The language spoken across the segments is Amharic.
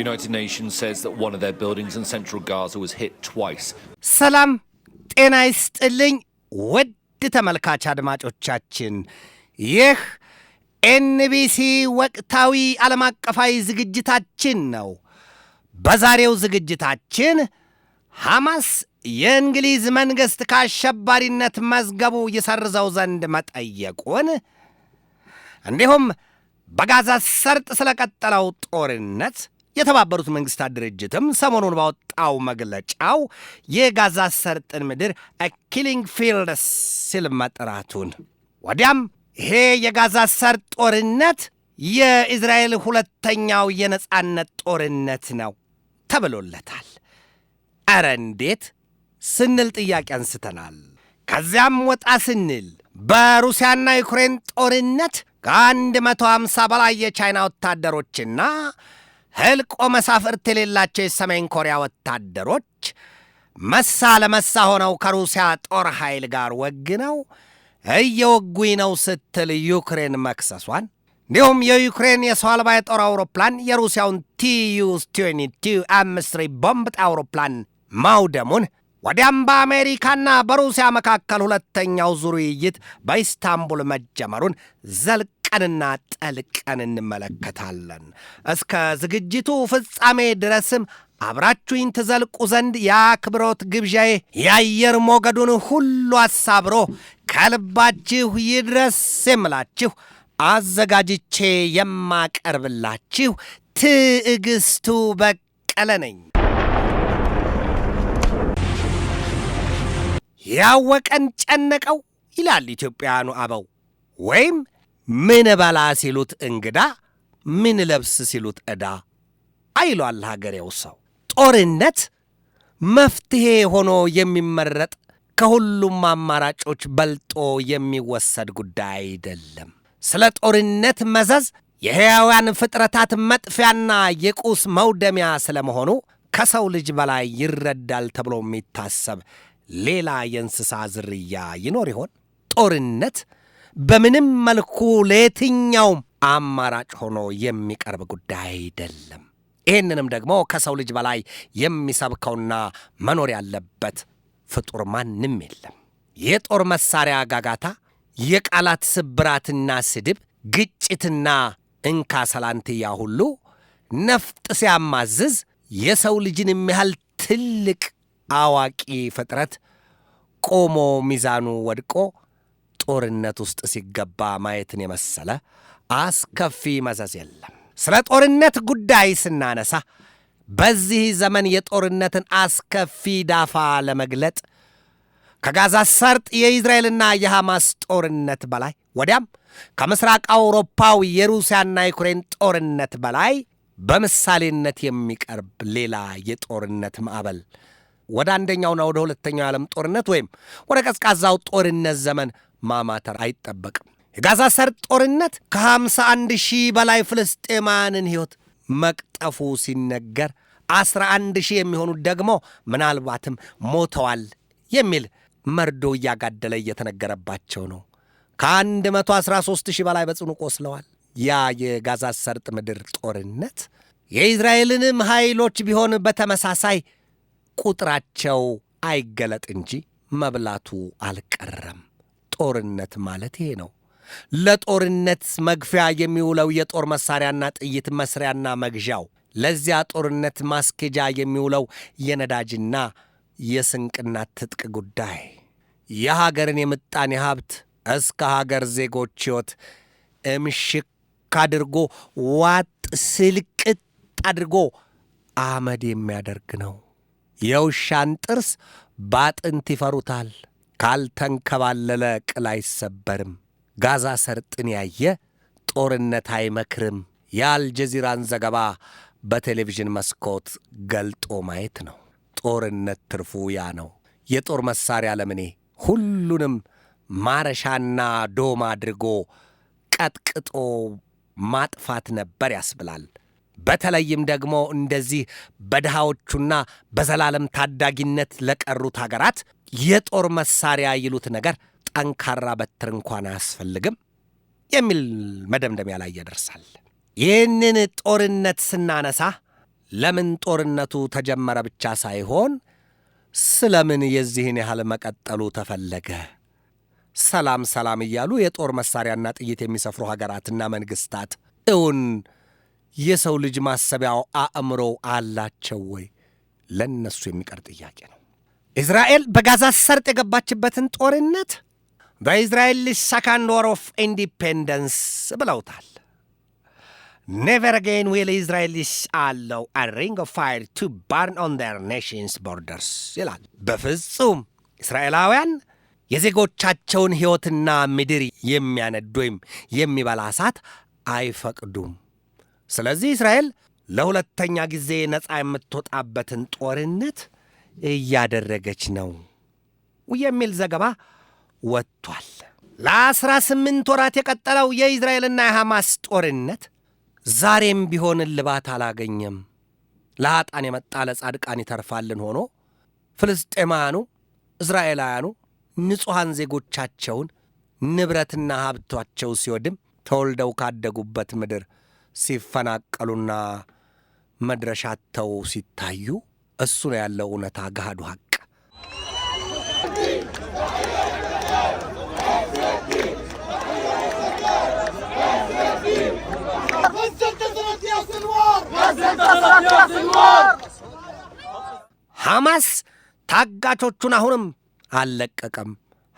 The United Nations says that one of their buildings in central Gaza was hit twice. ሰላም ጤና ይስጥልኝ ውድ ተመልካች አድማጮቻችን፣ ይህ ኤንቢሲ ወቅታዊ ዓለም አቀፋዊ ዝግጅታችን ነው። በዛሬው ዝግጅታችን ሐማስ የእንግሊዝ መንግሥት ከአሸባሪነት መዝገቡ ይሰርዘው ዘንድ መጠየቁን እንዲሁም በጋዛ ሰርጥ ስለቀጠለው ጦርነት የተባበሩት መንግስታት ድርጅትም ሰሞኑን ባወጣው መግለጫው የጋዛ ሰርጥን ምድር ኪሊንግ ፊልድስ ሲል መጥራቱን ወዲያም ይሄ የጋዛ ሰርጥ ጦርነት የእስራኤል ሁለተኛው የነጻነት ጦርነት ነው ተብሎለታል። አረ እንዴት ስንል ጥያቄ አንስተናል። ከዚያም ወጣ ስንል በሩሲያና ዩክሬን ጦርነት ከ መቶ በላይ የቻይና ወታደሮችና ሕልቆ መሳፍርት የሌላቸው የሰሜን ኮሪያ ወታደሮች መሳ ለመሳ ሆነው ከሩሲያ ጦር ኃይል ጋር ወግነው እየወጉኝ ነው ስትል ዩክሬን መክሰሷን እንዲሁም የዩክሬን የሰው አልባ የጦር አውሮፕላን የሩሲያውን ቲዩ ስቲኒቲ አምስት ቦምብ ጣይ አውሮፕላን ማውደሙን ወዲያም በአሜሪካና በሩሲያ መካከል ሁለተኛው ዙር ውይይት በኢስታንቡል መጀመሩን ዘልቅ አጥብቀንና ጠልቀን እንመለከታለን። እስከ ዝግጅቱ ፍጻሜ ድረስም አብራችሁኝ ትዘልቁ ዘንድ የአክብሮት ግብዣዬ የአየር ሞገዱን ሁሉ አሳብሮ ከልባችሁ ይድረስ የምላችሁ አዘጋጅቼ የማቀርብላችሁ ትዕግስቱ በቀለ ነኝ። ያወቀን ጨነቀው ይላል ኢትዮጵያውያኑ አበው ወይም ምን በላ ሲሉት እንግዳ፣ ምን ለብስ ሲሉት ዕዳ አይሏል ሀገሬው ሰው። ጦርነት መፍትሔ ሆኖ የሚመረጥ ከሁሉም አማራጮች በልጦ የሚወሰድ ጉዳይ አይደለም። ስለ ጦርነት መዘዝ የሕያውያን ፍጥረታት መጥፊያና የቁስ መውደሚያ ስለ መሆኑ ከሰው ልጅ በላይ ይረዳል ተብሎ የሚታሰብ ሌላ የእንስሳ ዝርያ ይኖር ይሆን? ጦርነት በምንም መልኩ ለየትኛውም አማራጭ ሆኖ የሚቀርብ ጉዳይ አይደለም። ይህንንም ደግሞ ከሰው ልጅ በላይ የሚሰብከውና መኖር ያለበት ፍጡር ማንም የለም። የጦር መሳሪያ ጋጋታ፣ የቃላት ስብራትና ስድብ፣ ግጭትና እንካ ሰላንትያ ሁሉ ነፍጥ ሲያማዝዝ የሰው ልጅን የሚያህል ትልቅ አዋቂ ፍጥረት ቆሞ ሚዛኑ ወድቆ ጦርነት ውስጥ ሲገባ ማየትን የመሰለ አስከፊ መዘዝ የለም። ስለ ጦርነት ጉዳይ ስናነሳ በዚህ ዘመን የጦርነትን አስከፊ ዳፋ ለመግለጥ ከጋዛ ሰርጥ የኢዝራኤልና የሐማስ ጦርነት በላይ ወዲያም ከምስራቅ አውሮፓው የሩሲያና ዩክሬን ጦርነት በላይ በምሳሌነት የሚቀርብ ሌላ የጦርነት ማዕበል ወደ አንደኛውና ወደ ሁለተኛው የዓለም ጦርነት ወይም ወደ ቀዝቃዛው ጦርነት ዘመን ማማተር አይጠበቅም። የጋዛ ሰርጥ ጦርነት ከ51 ሺህ በላይ ፍልስጤማውያንን ሕይወት መቅጠፉ ሲነገር 11 ሺህ የሚሆኑት ደግሞ ምናልባትም ሞተዋል የሚል መርዶ እያጋደለ እየተነገረባቸው ነው። ከ113 ሺህ በላይ በጽኑ ቆስለዋል። ያ የጋዛ ሰርጥ ምድር ጦርነት የእስራኤልንም ኃይሎች ቢሆን በተመሳሳይ ቁጥራቸው አይገለጥ እንጂ መብላቱ አልቀረም። ጦርነት ማለት ይሄ ነው። ለጦርነት መግፊያ የሚውለው የጦር መሳሪያና ጥይት መስሪያና መግዣው፣ ለዚያ ጦርነት ማስኬጃ የሚውለው የነዳጅና የስንቅና ትጥቅ ጉዳይ የሀገርን የምጣኔ ሀብት እስከ ሀገር ዜጎች ሕይወት እምሽክ አድርጎ ዋጥ ስልቅጥ አድርጎ አመድ የሚያደርግ ነው። የውሻን ጥርስ ባጥንት ይፈሩታል። ካልተንከባለለ ቅል አይሰበርም። ጋዛ ሰርጥን ያየ ጦርነት አይመክርም። የአልጀዚራን ዘገባ በቴሌቪዥን መስኮት ገልጦ ማየት ነው። ጦርነት ትርፉ ያ ነው። የጦር መሳሪያ ለምኔ ሁሉንም ማረሻና ዶም አድርጎ ቀጥቅጦ ማጥፋት ነበር ያስብላል። በተለይም ደግሞ እንደዚህ በድሃዎቹና በዘላለም ታዳጊነት ለቀሩት ሀገራት የጦር መሳሪያ ይሉት ነገር ጠንካራ በትር እንኳን አያስፈልግም የሚል መደምደሚያ ላይ ያደርሳል። ይህንን ጦርነት ስናነሳ ለምን ጦርነቱ ተጀመረ ብቻ ሳይሆን ስለምን የዚህን ያህል መቀጠሉ ተፈለገ? ሰላም ሰላም እያሉ የጦር መሳሪያና ጥይት የሚሰፍሩ ሀገራትና መንግስታት እውን የሰው ልጅ ማሰቢያው አእምሮ አላቸው ወይ? ለእነሱ የሚቀር ጥያቄ ነው። እስራኤል በጋዛ ሰርጥ የገባችበትን ጦርነት በእስራኤል ሰከንድ ወር ኦፍ ኢንዲፔንደንስ ብለውታል። ኔቨር አጌን ዊል እስራኤልስ አለው አ ሪንግ ኦፍ ፋይር ቱ ባርን ኦን ዘር ኔሽንስ ቦርደርስ ይላል። በፍጹም እስራኤላውያን የዜጎቻቸውን ሕይወትና ምድር የሚያነድ ወይም የሚበላ እሳት አይፈቅዱም። ስለዚህ እስራኤል ለሁለተኛ ጊዜ ነፃ የምትወጣበትን ጦርነት እያደረገች ነው የሚል ዘገባ ወጥቷል። ለአስራ ስምንት ወራት የቀጠለው የእስራኤልና የሐማስ ጦርነት ዛሬም ቢሆን እልባት አላገኘም። ለኃጣን የመጣ ለጻድቃን ይተርፋልን ሆኖ ፍልስጤማውያኑ፣ እስራኤላውያኑ ንጹሐን ዜጎቻቸውን ንብረትና ሀብቷቸው ሲወድም ተወልደው ካደጉበት ምድር ሲፈናቀሉና መድረሻተው ሲታዩ እሱ ነው ያለው እውነታ ገሃዱ ሀቅ። ሐማስ ታጋቾቹን አሁንም አልለቀቀም።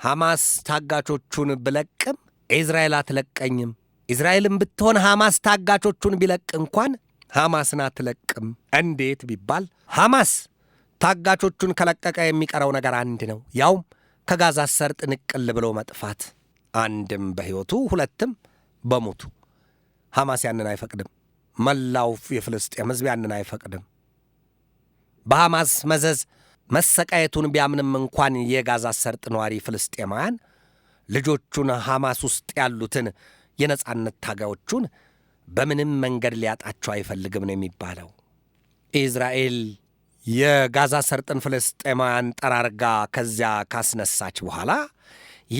ሐማስ ታጋቾቹን ብለቅም ኢዝራኤል አትለቀኝም ኢዝራኤልም ብትሆን ሐማስ ታጋቾቹን ቢለቅ እንኳን ሐማስን አትለቅም እንዴት ቢባል ሐማስ ታጋቾቹን ከለቀቀ የሚቀረው ነገር አንድ ነው። ያውም ከጋዛ ሰርጥ ንቅል ብሎ መጥፋት፣ አንድም በሕይወቱ ሁለትም በሞቱ። ሐማስ ያንን አይፈቅድም። መላው የፍልስጤም ሕዝብ ያንን አይፈቅድም። በሐማስ መዘዝ መሰቃየቱን ቢያምንም እንኳን የጋዛ ሰርጥ ነዋሪ ፍልስጤማውያን ልጆቹን ሐማስ ውስጥ ያሉትን የነጻነት ታጋዮቹን በምንም መንገድ ሊያጣቸው አይፈልግም ነው የሚባለው። ኢዝራኤል የጋዛ ሰርጥን ፍልስጤማውያን ጠራርጋ ከዚያ ካስነሳች በኋላ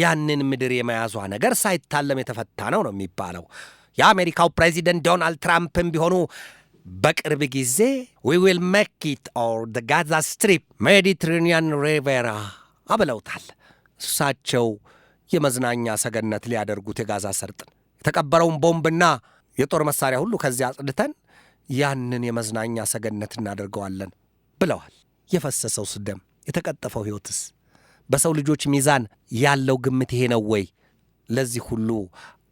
ያንን ምድር የመያዟ ነገር ሳይታለም የተፈታ ነው ነው የሚባለው። የአሜሪካው ፕሬዚደንት ዶናልድ ትራምፕም ቢሆኑ በቅርብ ጊዜ ዊ ዊል ሜክ ኢት ኦር ደ ጋዛ ስትሪፕ ሜዲትሬኒያን ሪቬራ ብለውታል። እሳቸው የመዝናኛ ሰገነት ሊያደርጉት የጋዛ ሰርጥን የተቀበረውን ቦምብና የጦር መሳሪያ ሁሉ ከዚያ አጽድተን ያንን የመዝናኛ ሰገነት እናደርገዋለን ብለዋል። የፈሰሰው ስደም የተቀጠፈው ሕይወትስ በሰው ልጆች ሚዛን ያለው ግምት ይሄ ነው ወይ? ለዚህ ሁሉ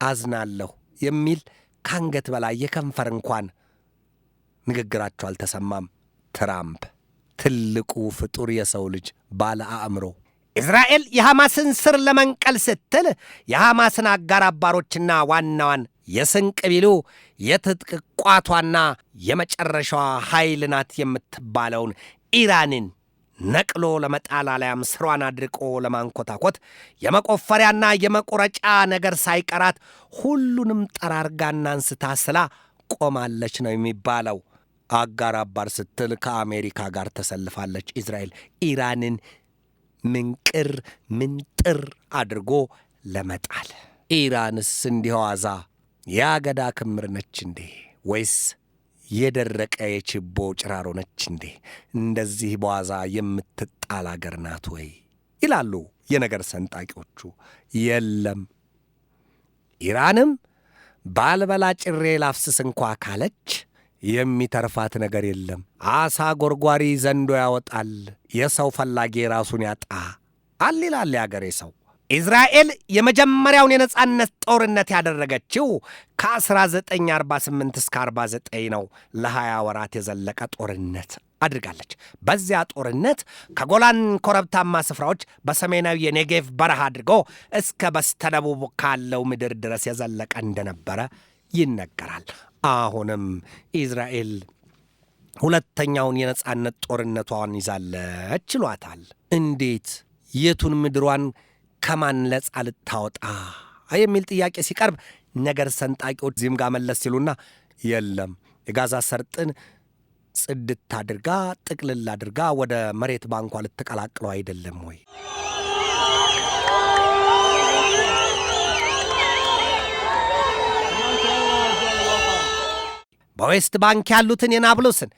አዝናለሁ የሚል ከአንገት በላይ የከንፈር እንኳን ንግግራቸው አልተሰማም። ትራምፕ ትልቁ ፍጡር የሰው ልጅ ባለ አእምሮ እስራኤል የሐማስን ስር ለመንቀል ስትል የሐማስን አጋር አባሮችና ዋናዋን የስንቅ ቢሉ የትጥቅ ቋቷና የመጨረሻዋ ኃይል ናት የምትባለውን ኢራንን ነቅሎ ለመጣል ስሯን አድርቆ ለማንኮታኮት የመቆፈሪያና የመቁረጫ ነገር ሳይቀራት ሁሉንም ጠራርጋና አንስታ ስላ ቆማለች ነው የሚባለው። አጋር አባር ስትል ከአሜሪካ ጋር ተሰልፋለች። እስራኤል ኢራንን ምንቅር ምንጥር አድርጎ ለመጣል። ኢራንስ እንዲህ ዋዛ የአገዳ ክምር ነች እንዴ? ወይስ የደረቀ የችቦ ጭራሮ ነች እንዴ? እንደዚህ በዋዛ የምትጣል አገር ናት ወይ ይላሉ የነገር ሰንጣቂዎቹ። የለም ኢራንም ባልበላ ጭሬ ላፍስስ እንኳ ካለች የሚተርፋት ነገር የለም። አሳ ጎርጓሪ ዘንዶ ያወጣል፣ የሰው ፈላጊ ራሱን ያጣ አል ይላል የአገሬ ሰው። ኢዝራኤል የመጀመሪያውን የነጻነት ጦርነት ያደረገችው ከ1948 እስከ 49 ነው። ለ20 ወራት የዘለቀ ጦርነት አድርጋለች። በዚያ ጦርነት ከጎላን ኮረብታማ ስፍራዎች በሰሜናዊ የኔጌቭ በረሃ አድርጎ እስከ በስተደቡብ ካለው ምድር ድረስ የዘለቀ እንደነበረ ይነገራል። አሁንም ኢዝራኤል ሁለተኛውን የነፃነት ጦርነቷን ይዛለች ይሏታል። እንዴት የቱን ምድሯን ከማን ነጻ ልታወጣ የሚል ጥያቄ ሲቀርብ ነገር ሰንጣቂዎች ዚም ጋር መለስ ሲሉና የለም የጋዛ ሰርጥን ጽድት አድርጋ ጥቅልል አድርጋ ወደ መሬት ባንኳ ልትቀላቅለው አይደለም ወይ? በዌስት ባንክ ያሉትን የናብሎስን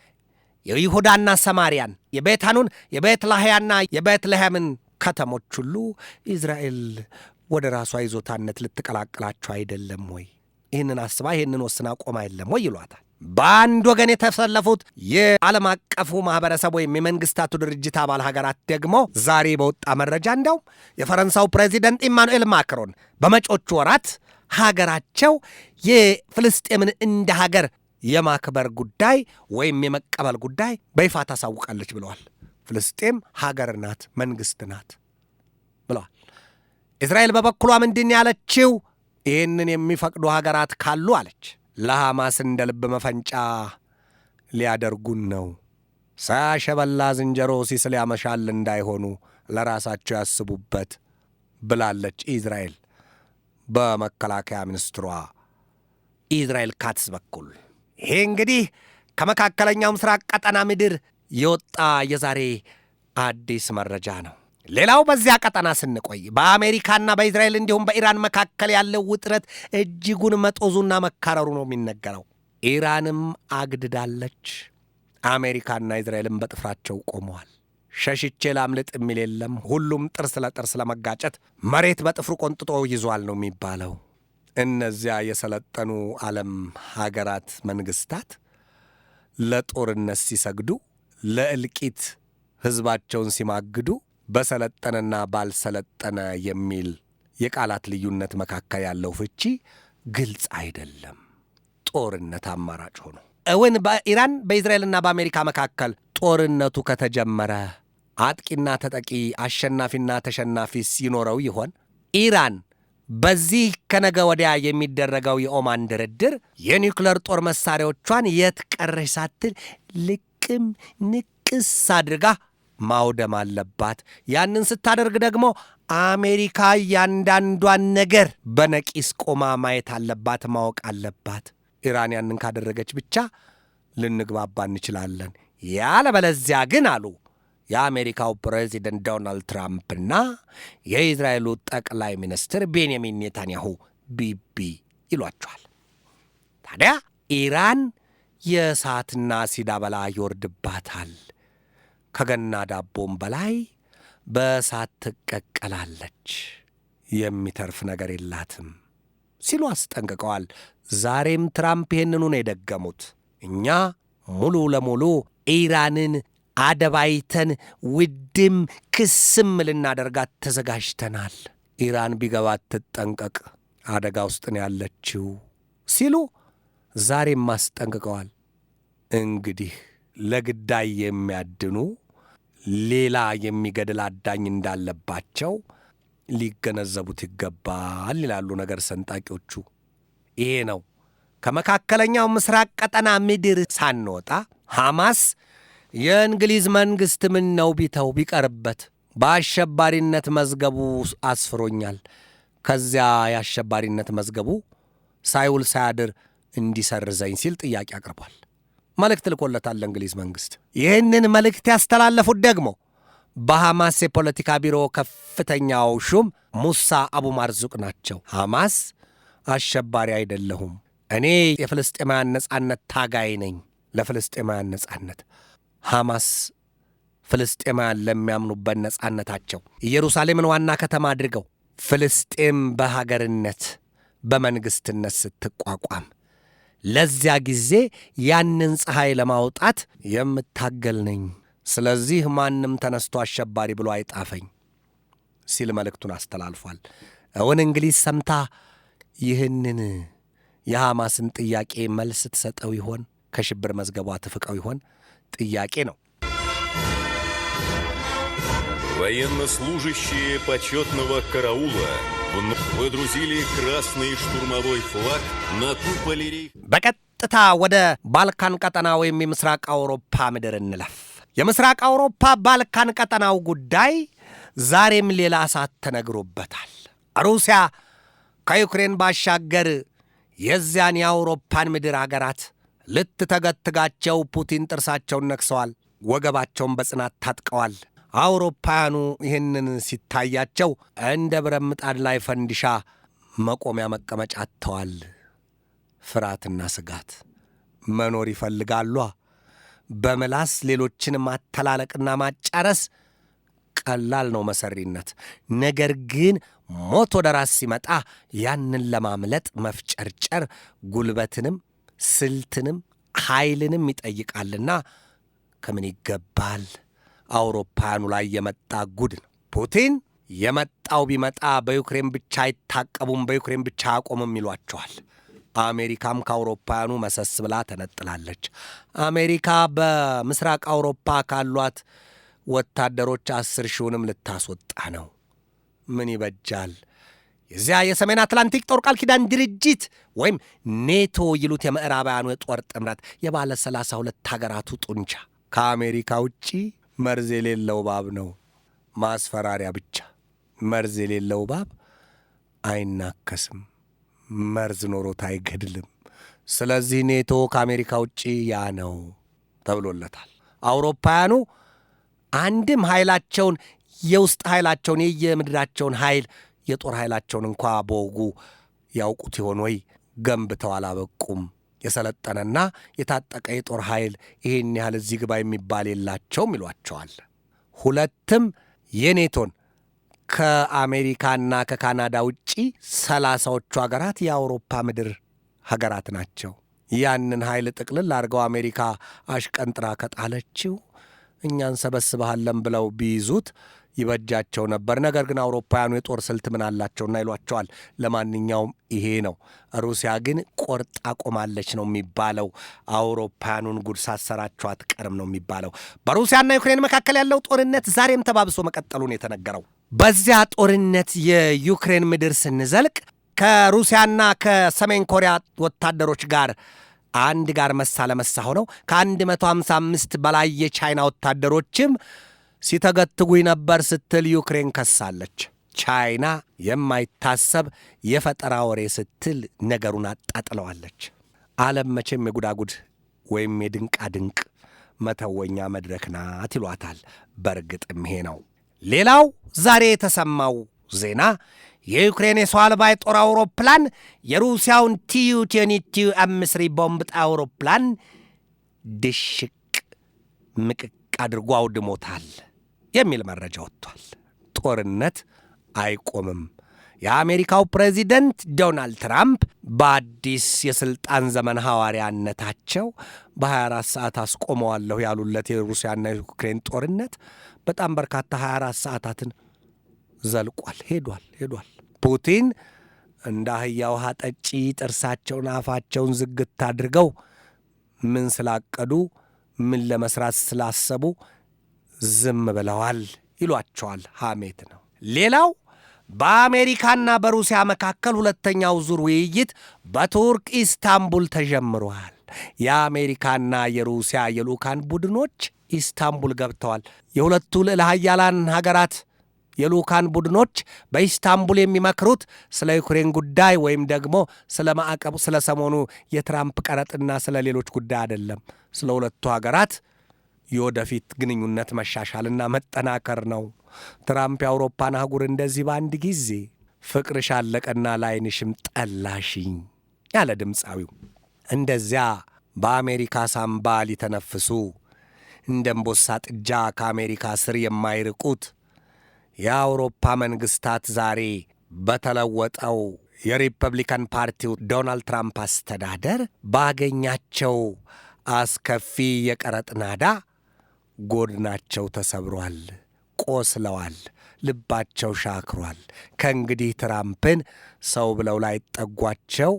የይሁዳና ሰማርያን፣ የቤታኑን፣ የቤትላህያና የቤትልሔምን ከተሞች ሁሉ ኢዝራኤል ወደ ራሷ ይዞታነት ልትቀላቅላቸው አይደለም ወይ? ይህንን አስባ ይህንን ወስና ቆማ የለም ወይ ይሏታል። በአንድ ወገን የተሰለፉት የዓለም አቀፉ ማኅበረሰብ ወይም የመንግስታቱ ድርጅት አባል ሀገራት ደግሞ ዛሬ በወጣ መረጃ እንዲያውም የፈረንሳው ፕሬዚደንት ኢማኑኤል ማክሮን በመጮቹ ወራት ሀገራቸው የፍልስጤምን እንደ ሀገር የማክበር ጉዳይ ወይም የመቀበል ጉዳይ በይፋ ታሳውቃለች ብለዋል። ፍልስጤም ሀገር ናት፣ መንግስት ናት ብለዋል። እስራኤል በበኩሏ ምንድን ያለችው? ይህንን የሚፈቅዱ ሀገራት ካሉ አለች ለሐማስ እንደ ልብ መፈንጫ ሊያደርጉን ነው። ሳያሸበላ ዝንጀሮ ሲስል ያመሻል እንዳይሆኑ ለራሳቸው ያስቡበት ብላለች ኢዝራኤል በመከላከያ ሚኒስትሯ ኢዝራኤል ካትስ በኩል ይሄ እንግዲህ ከመካከለኛው ምስራቅ ቀጠና ምድር የወጣ የዛሬ አዲስ መረጃ ነው። ሌላው በዚያ ቀጠና ስንቆይ በአሜሪካና በእስራኤል እንዲሁም በኢራን መካከል ያለው ውጥረት እጅጉን መጦዙና መካረሩ ነው የሚነገረው። ኢራንም አግድዳለች። አሜሪካና እስራኤልም በጥፍራቸው ቆመዋል። ሸሽቼ ላምልጥ የሚል የለም። ሁሉም ጥርስ ለጥርስ ለመጋጨት መሬት በጥፍሩ ቆንጥጦ ይዟል ነው የሚባለው። እነዚያ የሰለጠኑ ዓለም ሀገራት መንግስታት ለጦርነት ሲሰግዱ፣ ለእልቂት ህዝባቸውን ሲማግዱ በሰለጠነና ባልሰለጠነ የሚል የቃላት ልዩነት መካከል ያለው ፍቺ ግልጽ አይደለም። ጦርነት አማራጭ ሆኖ እውን በኢራን በእስራኤልና በአሜሪካ መካከል ጦርነቱ ከተጀመረ አጥቂና ተጠቂ አሸናፊና ተሸናፊ ሲኖረው ይሆን? ኢራን በዚህ ከነገ ወዲያ የሚደረገው የኦማን ድርድር የኒውክለር ጦር መሳሪያዎቿን የት ቀረሽ ሳትል ልቅም ንቅስ አድርጋ ማውደም አለባት። ያንን ስታደርግ ደግሞ አሜሪካ ያንዳንዷን ነገር በነቂስ ቆማ ማየት አለባት፣ ማወቅ አለባት። ኢራን ያንን ካደረገች ብቻ ልንግባባ እንችላለን። ያለበለዚያ ግን አሉ የአሜሪካው ፕሬዚደንት ዶናልድ ትራምፕና የእስራኤሉ ጠቅላይ ሚኒስትር ቤንያሚን ኔታንያሁ ቢቢ ይሏቸዋል። ታዲያ ኢራን የእሳትና ሲዳበላ ይወርድባታል። ከገና ዳቦም በላይ በእሳት ትቀቀላለች። የሚተርፍ ነገር የላትም ሲሉ አስጠንቅቀዋል። ዛሬም ትራምፕ ይህንኑ ነው የደገሙት። እኛ ሙሉ ለሙሉ ኢራንን አደባይተን ውድም ክስም ልናደርጋት ተዘጋጅተናል። ኢራን ቢገባት ትጠንቀቅ፣ አደጋ ውስጥ ያለችው ሲሉ ዛሬም አስጠንቅቀዋል። እንግዲህ ለግዳይ የሚያድኑ ሌላ የሚገድል አዳኝ እንዳለባቸው ሊገነዘቡት ይገባል ይላሉ ነገር ሰንጣቂዎቹ። ይሄ ነው ከመካከለኛው ምስራቅ ቀጠና ምድር ሳንወጣ ሐማስ የእንግሊዝ መንግሥት ምን ነው ቢተው ቢቀርበት በአሸባሪነት መዝገቡ አስፍሮኛል። ከዚያ የአሸባሪነት መዝገቡ ሳይውል ሳያድር እንዲሰርዘኝ ሲል ጥያቄ አቅርቧል። መልእክት ልኮለታል ለእንግሊዝ መንግሥት። ይህንን መልእክት ያስተላለፉት ደግሞ በሐማስ የፖለቲካ ቢሮ ከፍተኛው ሹም ሙሳ አቡ ማርዙቅ ናቸው። ሐማስ አሸባሪ አይደለሁም፣ እኔ የፍልስጤማውያን ነጻነት ታጋይ ነኝ፣ ለፍልስጤማውያን ነጻነት ሐማስ ፍልስጤማውያን ለሚያምኑበት ነጻነታቸው ኢየሩሳሌምን ዋና ከተማ አድርገው ፍልስጤም በሀገርነት በመንግሥትነት ስትቋቋም ለዚያ ጊዜ ያንን ፀሐይ ለማውጣት የምታገል ነኝ፣ ስለዚህ ማንም ተነስቶ አሸባሪ ብሎ አይጣፈኝ ሲል መልእክቱን አስተላልፏል። እውን እንግሊዝ ሰምታ ይህንን የሐማስን ጥያቄ መልስ ትሰጠው ይሆን? ከሽብር መዝገቧ ትፍቀው ይሆን? ጥያቄ ነው። Военнослужащие почетного караула выдрузили красный штурмовой флаг на ту рейх... በቀጥታ ወደ ባልካን ቀጠና ወይም የምስራቅ አውሮፓ ምድር እንለፍ። የምስራቅ አውሮፓ ባልካን ቀጠናው ጉዳይ ዛሬም ሌላ እሳት ተነግሮበታል። ሩሲያ ከዩክሬን ባሻገር የዚያን የአውሮፓን ምድር አገራት ልትተገትጋቸው ፑቲን ጥርሳቸውን ነክሰዋል፣ ወገባቸውን በጽናት ታጥቀዋል። አውሮፓውያኑ ይህንን ሲታያቸው እንደ ብረት ምጣድ ላይ ፈንዲሻ መቆሚያ መቀመጫ አጥተዋል። ፍርሃትና ስጋት መኖር ይፈልጋሉ። በምላስ ሌሎችን ማተላለቅና ማጫረስ ቀላል ነው መሰሪነት። ነገር ግን ሞት ወደ ራስ ሲመጣ ያንን ለማምለጥ መፍጨርጨር ጉልበትንም ስልትንም ኃይልንም ይጠይቃልና ከምን ይገባል? አውሮፓውያኑ ላይ የመጣ ጉድ ነው። ፑቲን የመጣው ቢመጣ በዩክሬን ብቻ አይታቀቡም፣ በዩክሬን ብቻ አያቆምም ይሏቸዋል። አሜሪካም ከአውሮፓውያኑ መሰስ ብላ ተነጥላለች። አሜሪካ በምስራቅ አውሮፓ ካሏት ወታደሮች አስር ሺውንም ልታስወጣ ነው። ምን ይበጃል? የዚያ የሰሜን አትላንቲክ ጦር ቃል ኪዳን ድርጅት ወይም ኔቶ ይሉት የምዕራባውያኑ የጦር ጥምረት የባለ ሰላሳ ሁለት ሀገራቱ ጡንቻ ከአሜሪካ ውጪ መርዝ የሌለው ባብ ነው። ማስፈራሪያ ብቻ። መርዝ የሌለው ባብ አይናከስም፣ መርዝ ኖሮት አይገድልም። ስለዚህ ኔቶ ከአሜሪካ ውጪ ያ ነው ተብሎለታል። አውሮፓውያኑ አንድም ኃይላቸውን የውስጥ ኃይላቸውን የየምድራቸውን ኃይል የጦር ኃይላቸውን እንኳ በወጉ ያውቁት ይሆን ወይ? ገንብተው አላበቁም። የሰለጠነና የታጠቀ የጦር ኃይል ይህን ያህል እዚህ ግባ የሚባል የላቸውም ይሏቸዋል። ሁለትም የኔቶን ከአሜሪካና ከካናዳ ውጪ ሰላሳዎቹ ሀገራት የአውሮፓ ምድር ሀገራት ናቸው። ያንን ኃይል ጥቅልል አድርገው አሜሪካ አሽቀንጥራ ከጣለችው እኛን ሰበስበሃለን ብለው ቢይዙት ይበጃቸው ነበር። ነገር ግን አውሮፓውያኑ የጦር ስልት ምን አላቸውና ይሏቸዋል። ለማንኛውም ይሄ ነው። ሩሲያ ግን ቆርጣ ቆማለች ነው የሚባለው። አውሮፓውያኑን ጉድ ሳሰራቸው አትቀርም ነው የሚባለው። በሩሲያና ዩክሬን መካከል ያለው ጦርነት ዛሬም ተባብሶ መቀጠሉን የተነገረው በዚያ ጦርነት የዩክሬን ምድር ስንዘልቅ ከሩሲያና ከሰሜን ኮሪያ ወታደሮች ጋር አንድ ጋር መሳ ለመሳ ሆነው ከ155 በላይ የቻይና ወታደሮችም ሲተገትጉ ነበር ስትል ዩክሬን ከሳለች። ቻይና የማይታሰብ የፈጠራ ወሬ ስትል ነገሩን አጣጥለዋለች። ዓለም መቼም የጉዳጉድ ወይም የድንቃድንቅ መተወኛ መድረክ ናት ይሏታል። በእርግጥም ይሄ ነው። ሌላው ዛሬ የተሰማው ዜና የዩክሬን የሰው አልባ የጦር አውሮፕላን የሩሲያውን ቲዩ ቴኒቲዩ አምስሪ ቦምብ ጣይ አውሮፕላን ድሽቅ ምቅቅ አድርጎ አውድሞታል። የሚል መረጃ ወጥቷል። ጦርነት አይቆምም። የአሜሪካው ፕሬዚደንት ዶናልድ ትራምፕ በአዲስ የሥልጣን ዘመን ሐዋርያነታቸው በ24 ሰዓት አስቆመዋለሁ ያሉለት የሩሲያና የዩክሬን ጦርነት በጣም በርካታ 24 ሰዓታትን ዘልቋል። ሄዷል ሄዷል። ፑቲን እንደ አህያ ውሃ ጠጪ ጥርሳቸውን አፋቸውን ዝግት አድርገው ምን ስላቀዱ ምን ለመስራት ስላሰቡ ዝም ብለዋል ይሏቸዋል። ሐሜት ነው። ሌላው በአሜሪካና በሩሲያ መካከል ሁለተኛው ዙር ውይይት በቱርክ ኢስታንቡል ተጀምሯል። የአሜሪካና የሩሲያ የልዑካን ቡድኖች ኢስታንቡል ገብተዋል። የሁለቱ ልዕለ ሀያላን ሀገራት የልዑካን ቡድኖች በኢስታንቡል የሚመክሩት ስለ ዩክሬን ጉዳይ ወይም ደግሞ ስለ ማዕቀቡ፣ ስለ ሰሞኑ የትራምፕ ቀረጥና ስለ ሌሎች ጉዳይ አይደለም። ስለ ሁለቱ ሀገራት የወደፊት ግንኙነት መሻሻልና መጠናከር ነው። ትራምፕ የአውሮፓን አህጉር እንደዚህ በአንድ ጊዜ ፍቅርሽ አለቀና ላይንሽም ጠላሽኝ ያለ ድምፃዊው እንደዚያ በአሜሪካ ሳምባ ሊተነፍሱ እንደ እምቦሳ ጥጃ ከአሜሪካ ስር የማይርቁት የአውሮፓ መንግሥታት ዛሬ በተለወጠው የሪፐብሊካን ፓርቲው ዶናልድ ትራምፕ አስተዳደር ባገኛቸው አስከፊ የቀረጥ ናዳ ጎድናቸው ተሰብሯል፣ ቆስለዋል፣ ልባቸው ሻክሯል። ከእንግዲህ ትራምፕን ሰው ብለው ላይ ጠጓቸው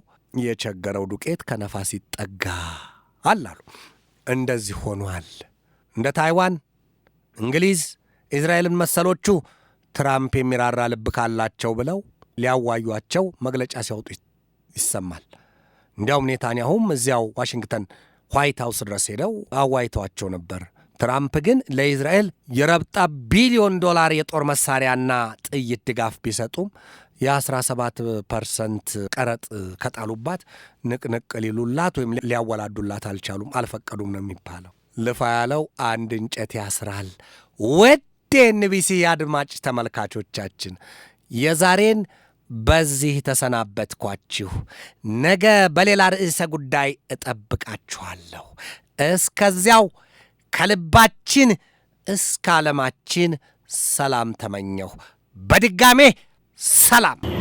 የቸገረው ዱቄት ከነፋስ ይጠጋ አላሉ። እንደዚህ ሆኗል። እንደ ታይዋን፣ እንግሊዝ፣ እስራኤልን መሰሎቹ ትራምፕ የሚራራ ልብ ካላቸው ብለው ሊያዋዩቸው መግለጫ ሲያወጡ ይሰማል። እንዲያውም ኔታንያሁም እዚያው ዋሽንግተን ዋይት ሀውስ ድረስ ሄደው አዋይተዋቸው ነበር። ትራምፕ ግን ለኢዝራኤል የረብጣ ቢሊዮን ዶላር የጦር መሳሪያና ጥይት ድጋፍ ቢሰጡም የ17 ፐርሰንት ቀረጥ ከጣሉባት ንቅንቅ ሊሉላት ወይም ሊያወላዱላት አልቻሉም፣ አልፈቀዱም ነው የሚባለው። ልፋ ያለው አንድ እንጨት ያስራል። ውድ ኤንቢሲ አድማጭ ተመልካቾቻችን የዛሬን በዚህ ተሰናበትኳችሁ። ነገ በሌላ ርዕሰ ጉዳይ እጠብቃችኋለሁ። እስከዚያው ከልባችን እስከ ዓለማችን ሰላም ተመኘሁ። በድጋሜ ሰላም